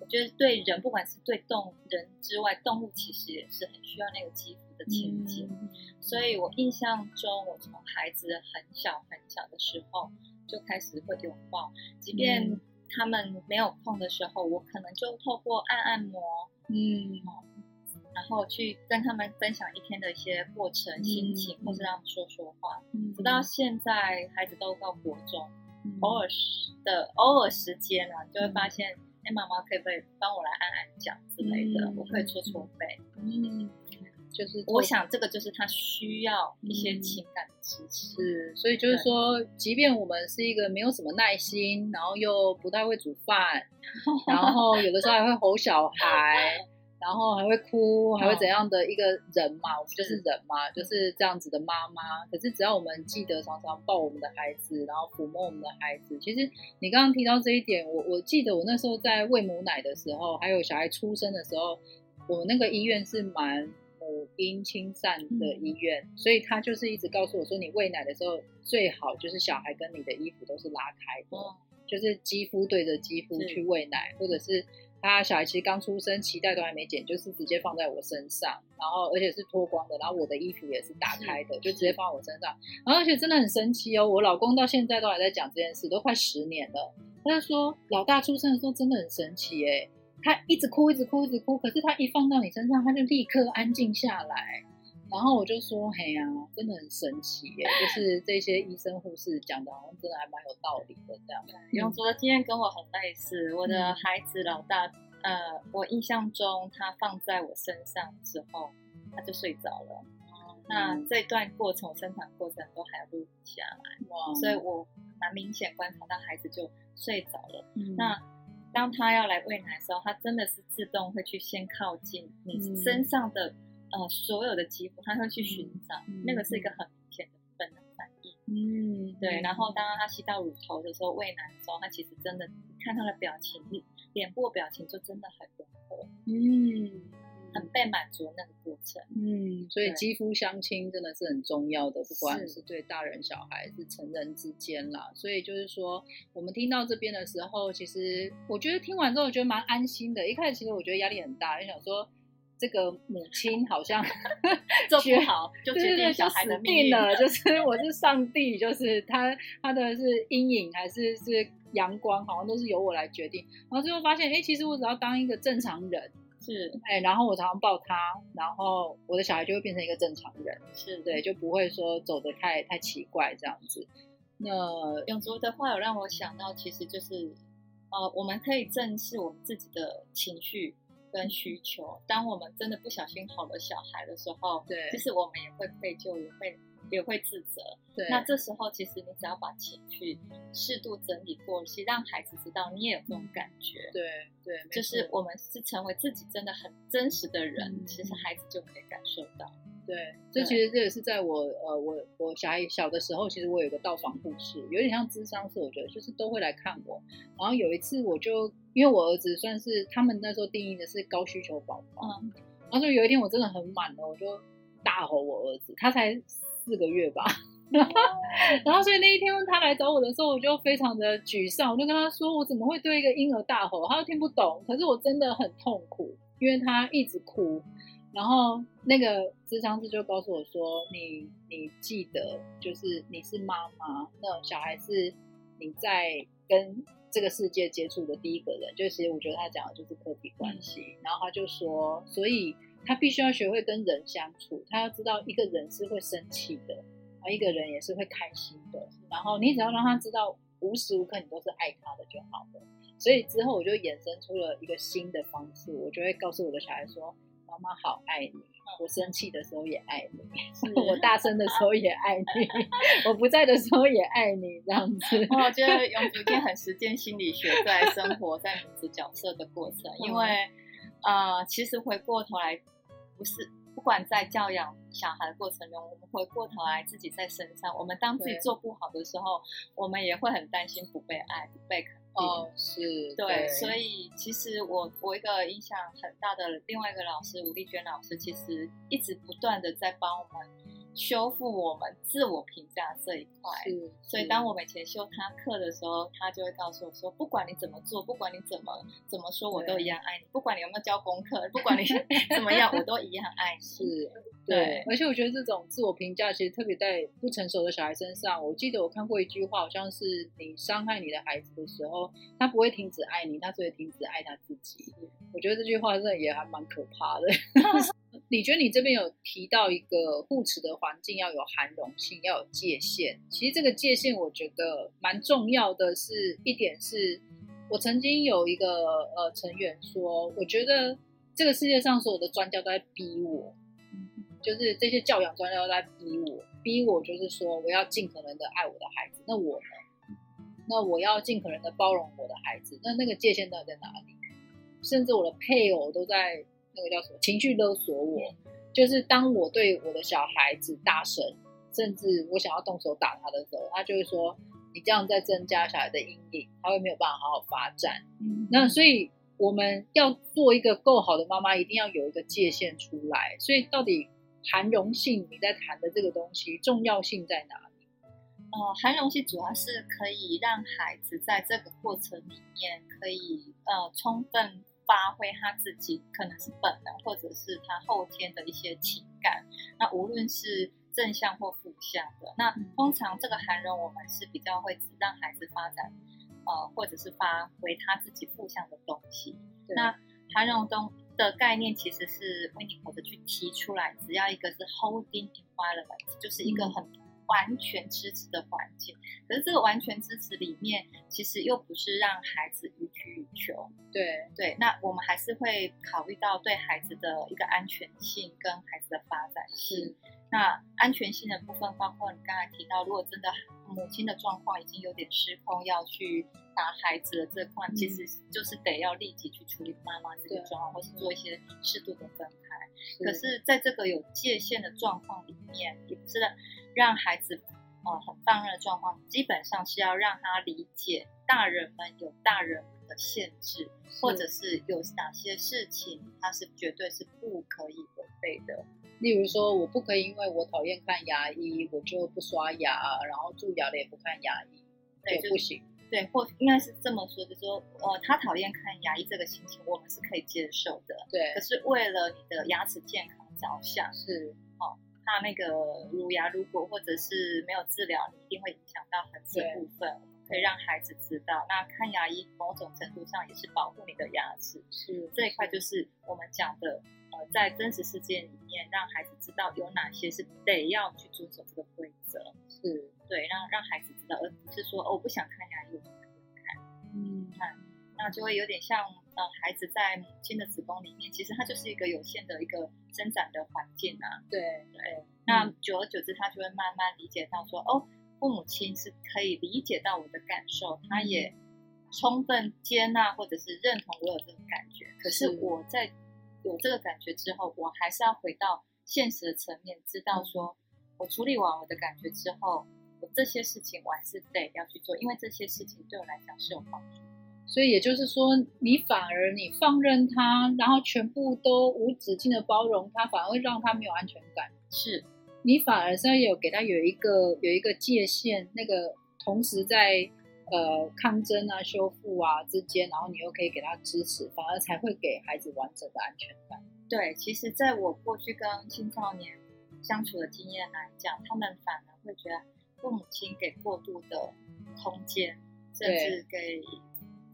A: 我覺得對人，不管是對動物人之外，動物其實也是很需要那個肌膚的親近。嗯、所以我印象中，我從孩子很小很小的時候就開始會擁抱，即便他們沒有碰的時候，我可能就透過按按摩。嗯。然後去跟他們分享一天的一些過程、心情，或是讓他們說說話。直到現在，孩子都到國中，偶爾的偶爾時間呢，就會發現，哎，媽媽可以不可以幫我來按按腳之類的？我可以搓搓背。嗯，就是我想這個就是他需要一些情感的支持，所以就是說，即便我們是一個沒有什麼耐心，然後又不太會煮飯，然後有的時候還會吼小孩。然後還會哭，還會怎樣的一個人嘛。我們好就是人嘛，嗯、就是這樣子的媽媽。可是只要我們記得常常抱我們的孩子，然後撫摸我們的孩子。其實你剛剛提到這一點，我我記得我那時候在餵母奶的時候，還有小孩出生的時候，我那個醫院是蠻母嬰、呃、親善的醫院，嗯、所以他就是一直告訴我說，你餵奶的時候最好就是小孩跟你的衣服都是拉開的，嗯、就是肌膚對着肌膚去餵奶，是或者是。他小孩其實剛出生，臍帶都還沒剪，就是直接放在我身上，然後而且是脫光的，然後我的衣服也是打開的，是就直接放在我身上，然後而且真的很神奇哦，我老公到現在都還在講這件事，都快十年了，他說老大出生的時候真的很神奇哎，他一直哭一直哭一直哭，一直哭，可是他一放到你身上，他就立刻安靜下來。然後我就說哎呀、啊，真的很神奇耶！就是這些醫生護士講的，好像真的還蠻有道理的這樣子。楊叔今天跟我很類似，我的孩子老大，嗯、呃，我印象中他放在我身上之後，他就睡着了。嗯、那這段過程生產過程都還要錄下來，哇！所以我蠻明顯觀察到孩子就睡着了。嗯、那當他要來餵奶的時候，他真的是自動會去先靠近你身上的。呃，所有的肌膚，他要去尋找，嗯、那個是一個很明顯的本能反應。嗯，對。然後，當他吸到乳頭的時候，餵奶的時候，他其實真的，你看他的表情，臉部的表情就真的很滿足。嗯，很被滿足的那個過程。嗯，所以肌膚相親真的是很重要的，嗯、對不管是對大人小孩，是成人之間啦。所以就是說，我們聽到這邊的時候，其實我覺得聽完之後我覺得蠻安心的。一開始其實我覺得壓力很大，就想說。這個母親好像
B: 好做不好，就決定小孩的命運了。就
A: 是我是上帝，就是他他的是陰影還是是陽光，好像都是由我來決定。然後最後發現，哎，其實我只要當一個正常人，是哎，然後我常常抱他，然後我的小孩就會變成一個正常人，是對，就不會說走得太太奇怪這樣子。那永卓的話，有讓我想到，其實就是，呃，我們可以正視我們自己的情緒。跟需求，當我們真的不小心吼了小孩的時候，對，就是我們也會愧疚，也會也會自責。對，那這時候其實你只要把情緒適度整理過，其實讓孩子知道你也有這種感覺。對、嗯、對，對就是我們是成為自己真的很真實的人，嗯、其實孩子就可以感受到。對，這其實這也是在我對呃，我我小孩小的時候，其實我有一個到訪護士有點像諮商室，我覺得就是都會來看我。然後有一次，我就因為我兒子算是他們那時候定義的是高需求寶寶，嗯、然後說有一天我真的很滿了，我就大吼我兒子，他才四個月吧，然後，嗯、然後所以那一天他來找我的時候，我就非常的沮喪，我就跟他說，我怎麼會對一個嬰兒大吼，他又聽不懂，可是我真的很痛苦，因為他一直哭。然後那個諮商師就告訴我說你：“你你記得，就是你是媽媽，那小孩是你在跟這個世界接觸的第一個人。就其實我覺得他講的就是客體關係。然後他就說，所以他必須要學會跟人相處，他要知道一個人是會生氣的，啊，一個人也是會開心的。然後你只要讓他知道，無時無刻你都是愛他的就好的。所以之後我就衍生出了一個新的方式，我就會告訴我的小孩說。”媽媽好愛你，我生氣的時候也愛你，嗯、我大聲的時候也愛你，我不在的時候也愛你，這樣子。我覺得永福君很實踐
B: 心理學在生
A: 活在母子角色的過程，嗯、因為呃，其實回過頭來，不是不管在教養小孩的過程中，我們回過頭來自己在身上，嗯、我們當自己做不好的時候，對我們也會很擔心不被愛、不被看。哦，是對，對，所以其實我我一個影響很大的另外一個老師吳麗娟老師，其實一直不斷的在幫我們。修復我們自我評價這一塊，是，是，所以當我每天修他課的時候，他就會告訴我說：“不管你怎麼做，不管你怎麼怎麼說，我都一樣愛你。對不管你有沒有教功課，不管你怎麼樣， 我都一樣愛你。”是，對。對，而且我覺得這種自我評價其實特別在不成熟的小孩身上。我記得我看過一句話，好像是你傷害你的孩子的時候，他不會停止愛你，他只會停止愛他自己。我覺得這句話真的也還蠻可怕的。 你覺得，你這邊有提到一個護持的環境要有涵容性，要有界限。其實這個界限我覺得蠻重要的是，是一點是，我曾經有一個呃成員說，我覺得這個世界上所有的專家都在逼我，嗯、就是這些教養專家都在逼我，逼我就是說我要盡可能的愛我的孩子。那我呢？那我要盡可能的包容我的孩子。那那個界限到底在哪裡？甚至我的配偶都在。那個叫什麼？情緒勒索我，嗯、就是當我對我的小孩子大聲，甚至我想要動手打他的時候，他就會說：“你這樣在增加小孩的陰影，他會沒有辦法好好發展。”嗯，那所以我們要做一個夠好的媽媽，一定要有一個界限出來。所以到底含容性你在談的這個東西重要性在哪裡？呃，含容性主要是可以讓孩子在這個過程裡面可以呃充分。發揮他自己，可能是本能，或者是他後天的一些情感，那無論是正向或負向的，那通常這個涵容我們是比較會讓孩子發展，呃，或者是發揮他自己負向的東西。對那涵容中的概念其實是 Vinnyco 的去提出來，只要一個是 holding in v a l a n m e 就是一個很。嗯完全支持的環境，可是這個完全支持裡面，其實又不是讓孩子予取予求。對對，那我們還是會考慮到對孩子的一個安全性跟孩子的發展性。嗯那安全性的部分，包括你剛才提到，如果真的母親的狀況已經有點失控，要去打孩子的這塊，其實就是得要立即去處理媽媽這個狀況，或是做一些適度的分開。可是，在這個有界限的狀況裡面，也不是讓讓孩子呃很放任的狀況，基本上是要讓他理解大人們有大人的限制，或者是有哪些事情他是絕對是不可以違背的。例如說，我不可以因為我討厭看牙醫，我就不刷牙，然後蛀牙了也不看牙醫，對，不行。對，或應該是這麼說，就說，呃，他討厭看牙醫這個心情，我們是可以接受的。對。可是為了你的牙齒健康着想，是哦。那那個乳牙如果或者是沒有治療，你一定會影響到恆齒部分。對可以讓孩子知道，那看牙醫某種程度上也是保護你的牙齒。是。是這一塊就是我們講的。在真實世界裡面，讓孩子知道有哪些是得要去遵守這個規則，是對，讓讓孩子知道，而不是說我、哦、不想看一，阿姨有看，嗯，看，那就會有點像，呃，孩子在母親的子宮裡面，其實它就是一個有限的一個生長的環境啊對對，對嗯、那久而久之，他就會慢慢理解到說，哦，父母親是可以理解到我的感受，他也充分接納或者是認同我有這種感覺，嗯、可是我在。有這個感覺之後，我還是要回到現實的層面，知道說我處理完我的感覺之後，我這些事情我還是得要去做，因為這些事情對我來講是有幫助。所以也就是說，你反而你放任他，然後全部都無止境的包容他，反而會讓他沒有安全感。是你反而是要有給他有一個有一個界限，那個同時在。呃，抗爭啊、修復啊之間，然後你又可以給他支持，反而才會給孩子完整的安全感。對，其實在我過去跟青少年相處的經驗來講，他們反而會覺得父母親給過度的空間，甚至給，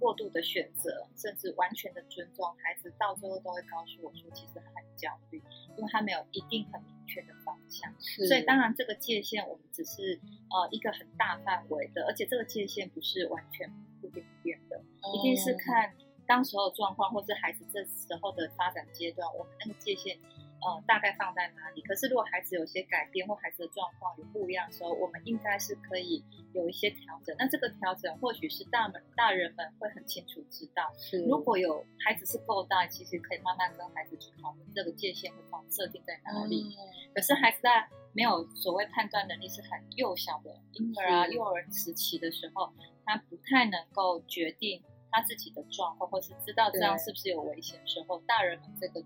A: 過度的選擇，甚至完全的尊重，孩子到最後都會告訴我說，其實很焦慮，因為他沒有一定很明確的方向。是所以，當然這個界限我們只是呃一個很大範圍的，而且這個界限不是完全不變的，嗯、一定是看當時候的狀況，或是孩子這時候的發展階段，我們那個界限。呃、嗯，大概放在哪裡？可是如果孩子有些改變或孩子的狀況有不一樣的時候，我們應該是可以有一些調整。那這個調整或許是大門，大人們會很清楚知道。是，如果有孩子是夠大，其實可以慢慢跟孩子去討論這個界限會放設定在哪裡。嗯、可是孩子在沒有所謂判斷能力是很幼小的嬰兒啊、是幼兒時期的時候，他不太能夠決定他自己的狀況，或是知道這樣是不是有危險的時候，對大人們這個。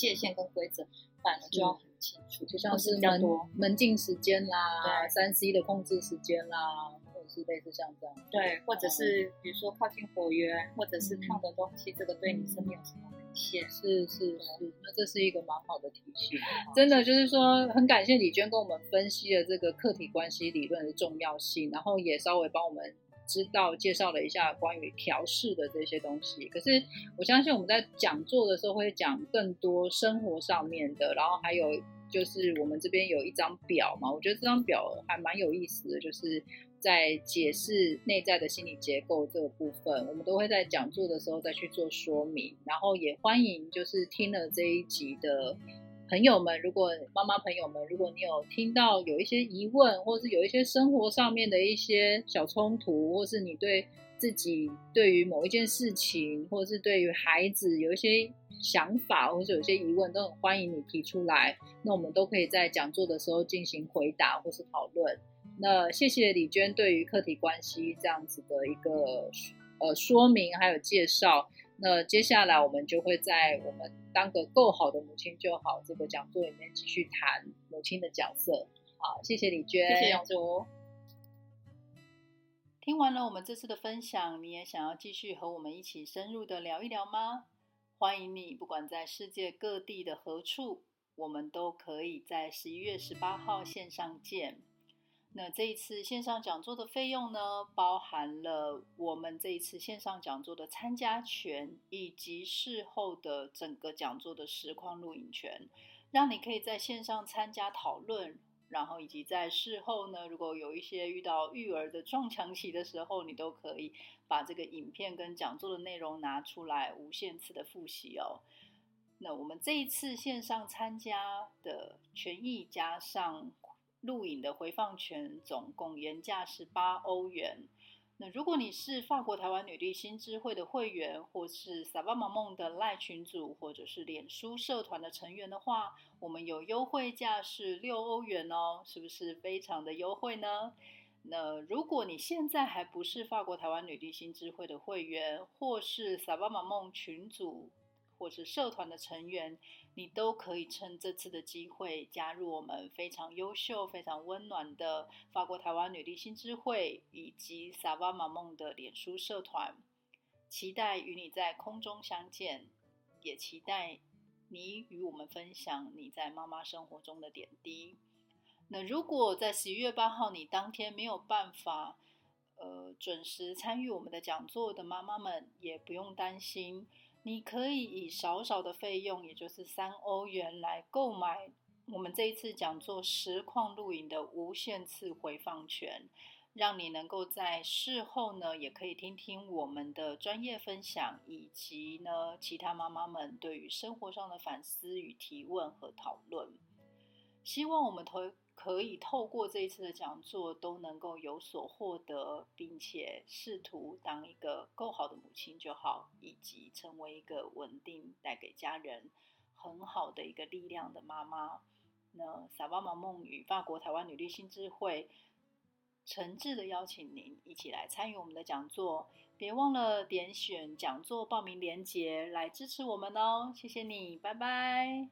A: 界限跟規則，反而就要很清楚，就像是門、門禁時間啦，三 C 的控制時間啦，或者是類似像這樣，對，或者是比如說靠近火源，或者是燙的東西，這個對你生命有什麼危險？是是是，那這是一個蠻好的提醒。真的就是說，很感謝李娟跟我們分析了這個客體關係理論的重要性，然後也稍微幫我們。知道介紹了一下關於調試的這些東西，可是我相信我們在講座的時候會講更多生活上面的，然後還有就是我們這邊有一張表嘛，我覺得這張表還蠻有意思的，就是在解釋內在的心理結構這個部分，我們都會在講座的時候再去做說明，然後也歡迎就是聽了這一集的。朋友們，如果媽媽朋友們，如果你有聽到有一些疑問，或者是有一些生活上面的一些小衝突，或是你對自己對於某一件事情，或者是對於孩子有一些想法，或者有些疑問，都很歡迎你提出來，那我們都可以在講座的時候進行回答或是討論。那謝謝李娟對於客體關係這樣子的一個呃說明還有介紹。那接下來我們就會在我們當個夠好的母親就好這個講座裡面繼續談母親的角色。好，謝謝李娟，謝謝永竹。
B: 聽完了我們這次的分享，你也想要繼續和我們一起深入的聊一聊嗎？歡迎你，不管在世界各地的何處，我們都可以在十一月十八號線上見。那這一次線上講座的費用呢，包含了我們這一次線上講座的參加權，以及事後的整個講座的實況錄影權，讓你可以在線上參加討論，然後以及在事後呢，如果有一些遇到育兒的撞牆期的時候，你都可以把這個影片跟講座的內容拿出來無限次的複習哦。那我們這一次線上參加的權益加上。錄影的回放權總共原價是八歐元，那如果你是法國台灣女力新知會的會員，或是撒巴馬夢的賴群組，或者是臉書社團的成員的話，我們有優惠價是六歐元哦，是不是非常的優惠呢？那如果你現在還不是法國台灣女力新知會的會員，或是撒巴馬夢群組，或是社團的成員。你都可以趁這次的機會加入我們非常優秀、非常溫暖的法國台灣女力新知會以及撒哇媽媽夢的臉書社團，期待與你在空中相見，也期待你與我們分享你在媽媽生活中的點滴。那如果在十一月八號你當天沒有辦法，呃，準時參與我們的講座的媽媽們，也不用擔心。你可以以少少的費用，也就是三歐元，來購買我們這一次講座實況錄影的無限次回放權，讓你能夠在事後呢，也可以聽聽我們的專業分享，以及呢其他媽媽們對於生活上的反思與提問和討論。希望我們投。可以透過這一次的講座都能夠有所獲得，並且試圖當一個夠好的母親就好，以及成為一個穩定、帶給家人很好的一個力量的媽媽。那撒哇媽夢與法國台灣女力新知會，誠摯的邀請您一起來參與我們的講座，別忘了點選講座報名連結來支持我們哦！謝謝你，拜拜。